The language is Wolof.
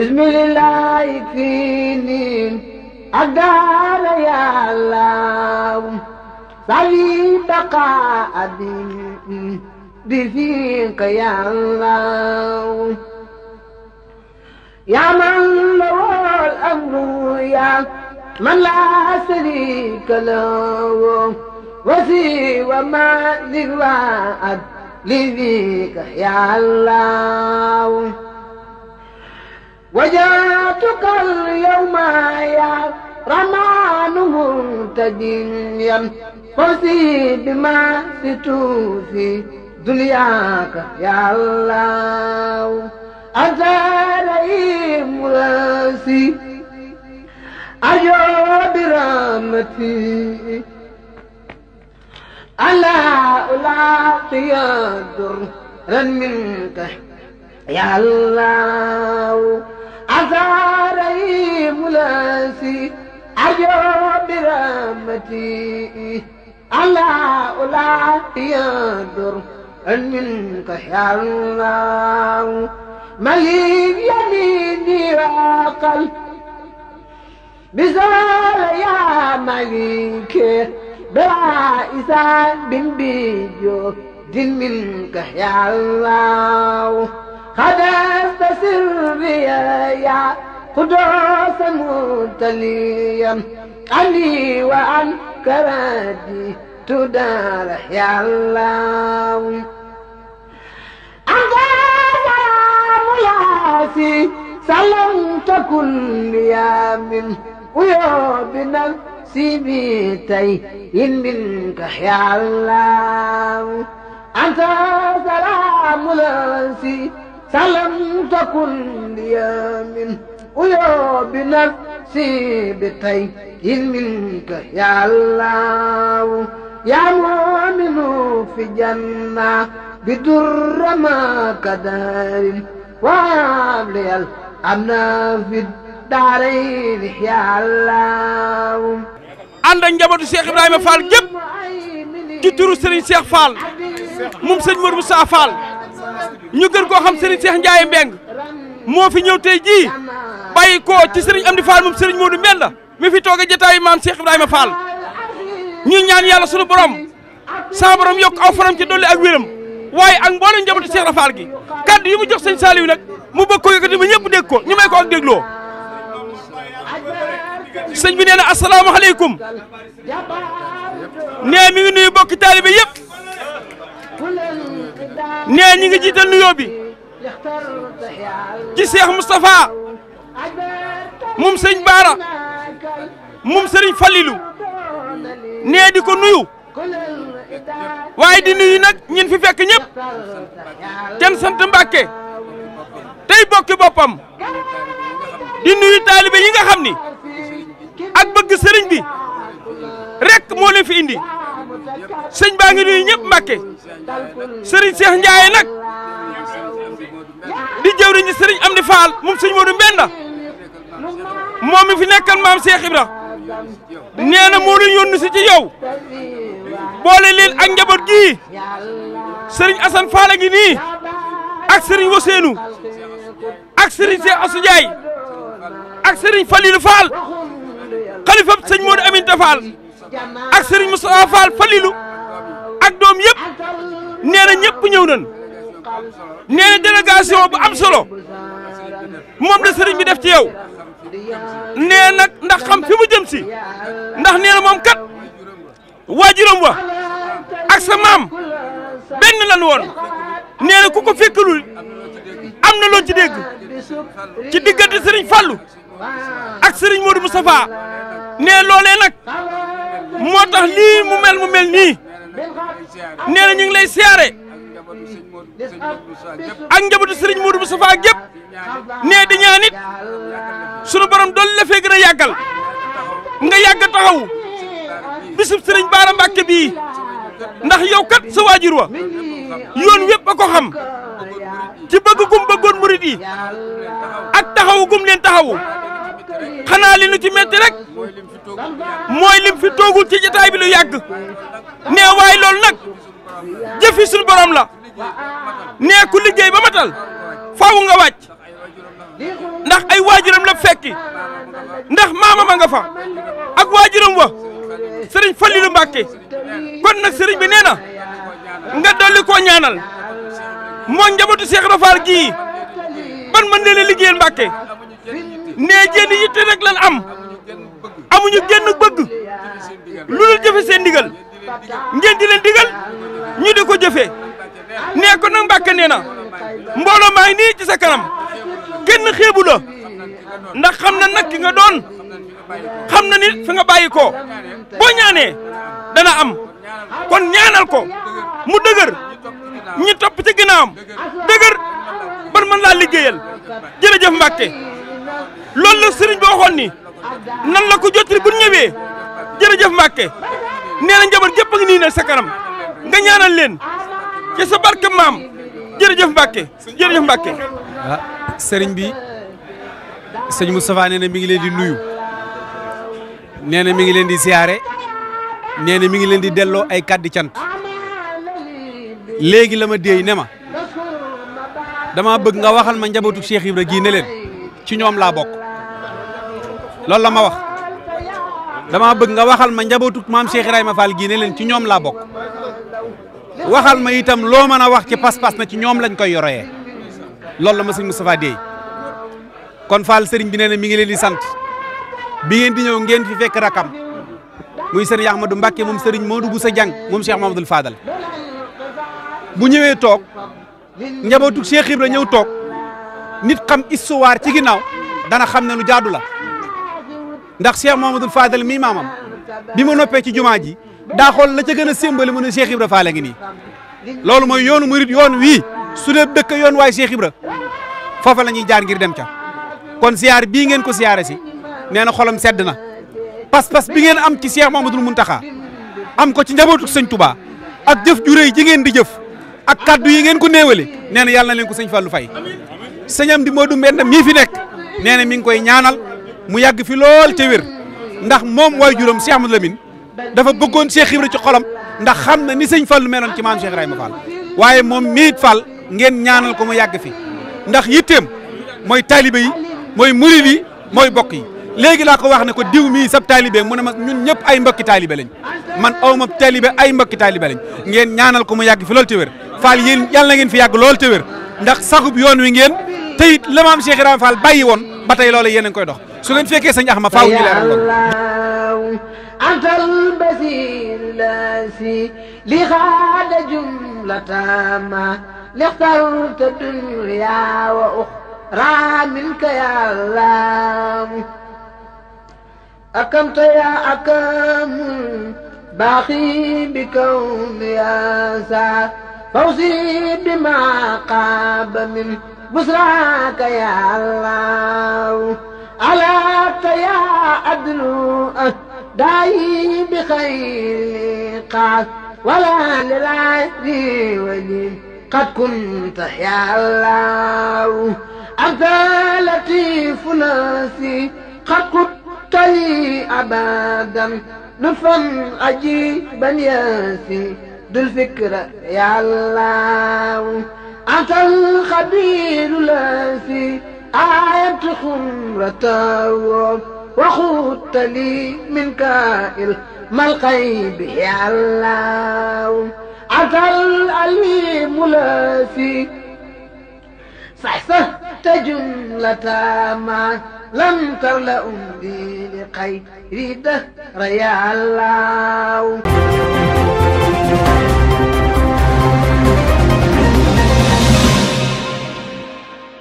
بسم الله يكفيني أدار يا الله صلي بقاء أبي بفيك يا الله يا من له الأمر يا من لا شريك له وسوى ما ذراعك لذيك يا الله وجاتك اليوم يا رمان منتديا فوزي بما ستوفي دنياك يا الله أنت رئيم راسي أجو برحمتي ألا ألاقي الدر منك يا الله عسى ملاسي أرجو برحمتي الله لا يضر أن منك يا الله مليك يميني وعقل بزول يا مليك بعائسان بن بيجو دين منك يا الله خدست سربيا يا قدوس متليا علي وعن كرادي تدار يا الله أنت سلام ياسي سلمت كل يوم ويوبنا سبيتي إن منك يا الله أنت سلام ياسي فلم تكن لي من ويا بنفسي بطيء منك يا الله يا مؤمن في جنة بدر ما كدار وعاملي الأمن في الدارين يا الله ànd ak njabootu Cheikh Ibrahima Fall gépp ci turu Serigne Cheikh Fall moom sëñ Mor Moussa Fall ñu gën koo xam Serigne Cheikh Ndiaye Mbeng moo fi ñëw tey jii bàyyi ko ci Serigne Amdi Fall moom Serigne Modou Mbenda mi fi toog a jotaayu maam Cheikh Ibrahima Fall ñu ñaan yàlla sunu borom saa borom yokk aw fanam ci dolli ak wéram waaye ak mboolem njabootu Cheikh Rafal gi kaddu yi mu jox sëñ Saliou nag mu bëgg ko yëkkati ba ñëpp dégg ko ñu may ko ak dégloo. sëñ bi nee na asalaamaaleykum nee mi nuyu bokki taalibe yëpp. nee ñi ngi jiital nuyoo bi ci Cheikh Moustapha moom sëñ Baara moom sëriñ Falilou nee di ko nuyu waaye di nuyu nag ñin fi fekk ñëpp ten sant Mbàkke tey bokki boppam di nuyu taalibe yi nga xam ni ak bëgg sëriñ bi rek moo fi indi sëñ baa ngi nuyu ñëpp Mbàkke sëriñ Seex Njaaye di jëwriñu sëriñ Amdi Faal moom sëñ Moodu Mbenda moom mi fi nekkal maam Seex Ibra nee na moo si ci yow boole leen ak njaboot gii sëriñ Asan Faal ngi nii ak sëriñ Waseenu ak sëriñ Seex Asu ak sëriñ Falilu Faal xalifab sëñ Moodu Aminta Faal ak Serigne Moustapha Fall Falilou ak doom yëpp nee na ñëpp ñëw nañ nee na délégation bu am solo moom la Serigne bi def ci yow nee nag ndax xam fi mu jëm si ndax nee na moom kat waajuram wa ak sa benn lan woon nee ku ko fekkalul am na loo ci dégg ci diggante Serigne Fallou ak Serigne Modou Moustapha nee loolee nag. moo tax lii mu mel mu mel nii nee na lay siyaare ak njabootu Serigne Modou Moustapha gépp nee di ñaan sunu borom dool la fee gën a yàggal nga yàgg taxaw bisub Serigne Bara Mbacke bii ndax yow kat sa waajur wa yoon wépp a ko xam ci bëgg gum bëggoon murit yi ak taxawu gum leen taxawu. xanaa li nu ci metti rek mooy lim fi toogul ci jataay bi lu yàgg nee waaye loolu nag jëfi borom la nee ku liggéey ba matal faawu nga wàcc ndax ay waajuram la fekki ndax maama ma nga fa ak waajuram wa sëriñ Fallilu Mbàkke kon nag sëriñ bi nee nga dolli koo ñaanal moo njabootu Seex Rafaal gii ban mën ne la Mbàkke nee jenn yitte rek lan am amuñu genn bëgg lu dul jëfe seen ndigal ngeen di leen digal ñu di ko jëfe nee ko nag Mbàkke nee na mbooloo ngi nii ci sa kanam kenn xeebu la ndax xam na nag ki nga doon xam na nit fi nga bàyyi ko boo ñaanee dana am kon ñaanal ko mu dëgër ñi topp ci ginnaawam dëgër ban mën laa liggéeyal jërëjëf Mbàkke loolu la sëriñ bi waxoon ni nan la ko jottali bu ñëwee jërëjëf Mbàkke nee na njaboot gépp a ngi ne sa kanam nga ñaanal leen ci sa barke maam jërëjëf Mbàkke jërëjëf Mbàkke ah sëriñ bi sëñ mu nee na mi ngi leen di nuyu nee na mi ngi leen di siyaare nee na mi ngi leen di delloo ay kàddi cant léegi la ma déey ne ma dama bëgg nga waxal ma njabootu Cheikh Ibra gii ne leen ci ñoom laa bokk loolu la ma wax dama bëgg nga waxal ma njabootu maam Cheikh Ibrahima Fall gii ne leen ci ñoom laa bokk waxal ma itam loo mën a wax ci pas na ci ñoom lañ koy yoroyee loolu la ma sëñ Moustapha Dieye kon Fall sëriñ bi nee na mi ngi leen di sant bi ngeen di ñëw ngeen fi fekk rakam muy ma du Mbacke moom sëriñ Modou Boussa Dieng moom Cheikh Mamadou Fadal bu ñëwee toog njabootu Cheikh Ibra ñëw toog nit xam histoire ci ginnaaw dana xam ne lu jaadu la. ndax Cheikh Mamadou Fadel mii maamam bi ma noppee ci jumaa ji daa xool la ca gën a sémbali mu ne Cheikh Ibra Fall ngi nii loolu mooy yoonu murit yoon wii su dee dëkk yoon waaye Cheikh Ibra foofa la ñuy jaar ngir dem ca kon siyaar bii ngeen ko siyaare si nee na xolam sedd na pas-pas bi ngeen am ci Cheikh Mamadou Mountakha am ko ci njabootu sëñ Touba ak jëf ju rëy ji ngeen di jëf ak kaddu yi ngeen ko néewale nee na yàlla leen ko sëñ Fallou Faye sëñam di Modou Mbenda mii fi nekk nee na mi ngi koy ñaanal mu yàgg fi lool te wér ndax moom waay juróom Cheikh lamin dafa bëggoon Cheikh Ibra ci xolam ndax xam na ni sëñ Fallu meloon ci maam Cheikh Ibrahima Fall waaye moom miit Fall ngeen ñaanal ko mu yàgg fi ndax yitteem mooy taalibe yi mooy murid yi mooy bokk yi léegi laa ko wax ne ko diw mii sab taalibe mu ne ma ñun ñëpp ay mbokki taalibe lañ man aw ma taalibe ay mbokki taalibe lañ ngeen ñaanal ko mu yàgg fi loolu te wér Fall yéen yàlla na ngeen fi yàgg loolu te wér ndax saxub yoon wi ngeen te it la maam Cheikh bàyyi woon ba tey loola yéen a koy dox su ngeen fekkee sëñ Axma faaw ñu leeral lool anta albasir lasi li xaada jumlatama lixtarta dunya wa uxra minka ya allah akamta ya akam باقي بكون يا سار فوزي بما قاب من بسراك يا الله ألا يا أدنو داي بخير قعد ولا للعدي ولي قد كنت يا الله أنت لطيف ناسي قد كنت لي أبدا لطفا عجيبا ياسي ذو الفكرة يا الله أنت الخبير لاسي آية خمرته وخدت لي منك ما الغيب يا الله عفى العليم لافي فاحفظت جملة ما لم تملأ لي لخير دهر يا الله